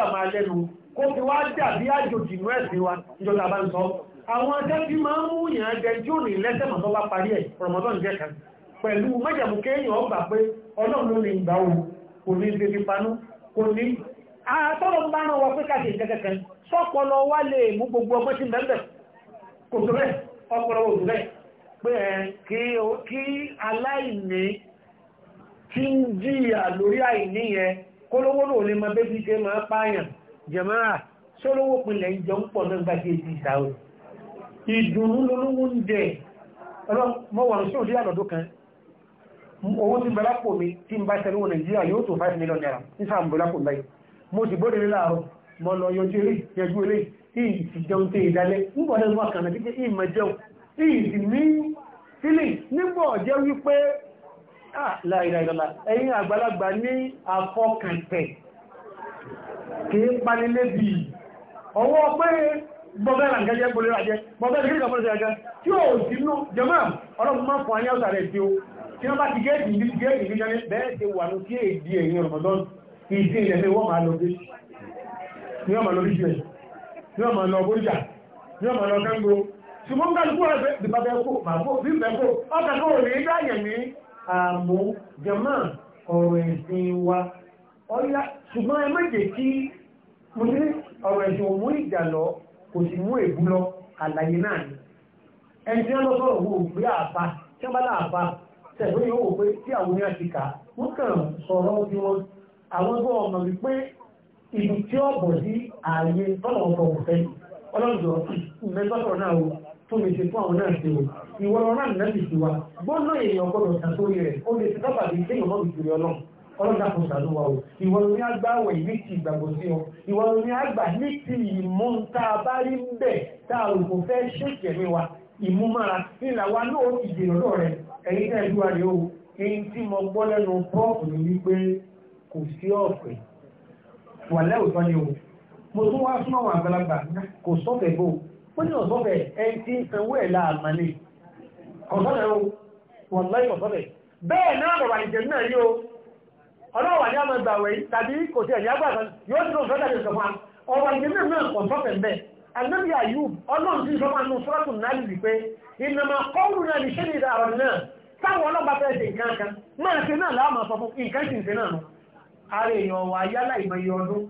gbà máa lẹ́nu kó fi wá dàbí àjòjì inú ẹ̀sìn wa ìjọba bá ń sọ àwọn akẹ́kí máa ń mú ìyàn jẹ tí ò ní lẹ́sẹ̀ mọ̀ tó bá parí ẹ̀ rọmọdún jẹ́ kan pẹ̀lú mẹ́jàmù kéèyàn ọgbà pé ọlọ́run ló ní ìgbà òun kò ní ṣe fipanú kò ní àtọ́rọ̀ bá rán wa pé káṣe kẹ́kẹ́kẹ́ sọ́pọ̀lọ wá lè mú gbogbo ọgbẹ́ sí mẹ́bẹ̀ kò tó bẹ́ẹ̀ ọpọlọ òun bẹ́ẹ̀ tí ń jìyà lórí àìní yẹn kólówó náà lè mọ bébí ṣe máa pààyàn jẹ̀máà sólówó pinlẹ̀ ìjọ ń pọ̀ náà gbájé ti ìsàwò ìdùnnú lólówó ń jẹ ọlọ́mọwọ̀n sí òdí àlọ́dún kan owó tí bẹ́lápò mi tí ń bá tẹ́lú nàìjíríà yóò tó 5 million naira ní sáàmù bẹ́lápò báyìí mo sì gbóde láàárọ̀ mo lọ yọjú eré yẹjú eré ìsìjẹun tẹ ìdálẹ́ nígbà ọdún wà kànáà títí ìmọ̀ jẹun ìsìn Ah, láìláìlọ́lá ẹ̀yin àgbàlagbà ní afọ́kàntẹ̀ kìí panilé bí i ọwọ́ pé bọ́bẹ̀rẹ̀ àgẹ́jẹ́ bolera jẹ́ bọ́bẹ̀rẹ̀ kìí kàfọ́lẹ̀ jẹ́ tí ó sì nú jẹmọ́ ọlọ́pùn máa fún ayáwó rẹ̀ tí ó tí wọ́n bá ti gẹ́ẹ̀dì ní gẹ́ẹ̀dì ní jẹ́ bẹ́ẹ̀ ti wà ní kí èdè ẹ̀yìn ọ̀rọ̀mọ̀dọ́n ìdí ilẹ̀ wọ́n máa lọ bí ní ọmọ lọ bí jù ẹ̀ ní ọmọ lọ bóríjà ní ọmọ lọ gángó ṣùgbọ́n kálukú rẹ̀ bí bàbá ẹ̀kọ́ màá kó bí mẹ́kọ́ ọkà kó rí dáyẹ̀ ní àmú jẹmọ́ ọ̀rọ̀ ẹ̀sìn wa ọ̀yá ṣùgbọ́n ẹ méje kí mo ní ọ̀rọ̀ ẹ̀sìn òmú ìjà lọ kò sì mú ègbú lọ àlàyé náà ni ẹni tí wọ́n lọ sọ̀rọ̀ wo pé àbá tí wọ́n bá lá àbá tẹ̀lé yóò wò pé tí àwọn ní àti kà wọ́n kàn sọ̀rọ̀ bí wọn àwọn gbọ́ ọmọ wípé ibi tí ọ̀bọ̀ sí ààyè tọ́lọ̀ ọ̀pọ̀ òfẹ́ ọlọ́dọ̀ mẹ́tọ́sọ̀rọ̀ náà wò tó lè ṣe fún àwọn náà ṣe o ìwọ ọ̀rọ̀ náà nẹ́bì sí wa gbọ́nà èèyàn gbọ́dọ̀ tà sórí rẹ̀ ó lè sábà bí kéèyàn mọ́ ìṣòro ọlọ́run ọlọ́dà kò sàánú wa o ìwọ ni agbáwẹ̀ ní ti ìgbàgbọ́ sí ọ ìwọ ni àgbà ní ti ìmú tá a bá rí bẹ̀ tá a rò kò fẹ́ ṣèkẹ̀mí wa ìmúmára nílà wa náà ó ti dèrò lọ rẹ ẹ̀yin náà ẹ̀dúrà o èyí tí mo gbọ́ lẹ́nu pọ́ọ̀pù ni wípé kò sí ọ̀pẹ̀ wà lẹ́wọ̀tọ́ ni o mo tún wá súnmọ́ àwọn àgbàlagbà kò sọ́fẹ̀ bò ó ní ọ̀sọ́bẹ̀ ẹni tí ń sanwó ẹ̀ láàmà ní ọ̀sọ́bẹ̀ o wọ́n láì ọ̀sọ́bẹ̀ bẹ́ẹ̀ náà bọ̀wà ìjẹ̀ náà yóò ọlọ́wà ní àmà ìgbàwẹ̀ tàbí kò sí ẹ̀yà gbàgbà yóò tí ó sọ́dá ní ìjọba ọwà ìjẹ̀ náà ọ̀sọ́bẹ̀ bẹ́ẹ̀ anábì Ayub ọlọ́run tí ìjọba nù sọ́rọ̀tù náà lè pé ìnàmà kọ́rù náà níṣẹ́ ní ìdàrọ̀ náà táwọn ọlọ́ba fẹ́ ṣe nǹkan kan máa ṣe náà láàmà sọ fún nǹkan sì ń ṣe náà nù ara èèyàn wà yálà ìmọ̀ iye ọdún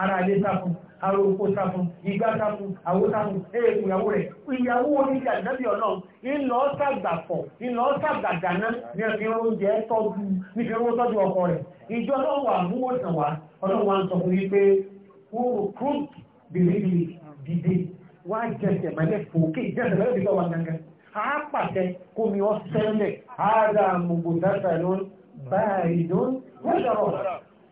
ara àdé sá fún un aróko sáfún igbá sáfún àwó sáfún èèkù ìyàwó rẹ̀ ìyàwó oníṣẹ́ àdínábì ọlọ́run ìlọ sàgbàfọ̀ ìlọ sàgbàdáná ní ẹ̀fí oúnjẹ tọ́jú nífi owó tọ́jú ọkọ rẹ̀ ìjọ náà wà múwò sàn wá ọlọ́run wa ń sọ fún yí pé kúrò kúrò bèrè dìde wá jẹsẹ̀ mẹ́lẹ̀ fòkè jẹsẹ̀ mẹ́lẹ̀ dìgbà wà gangan àápàtẹ kómi ọ̀sẹ̀lẹ̀ àádá mùgbò dáta ló ń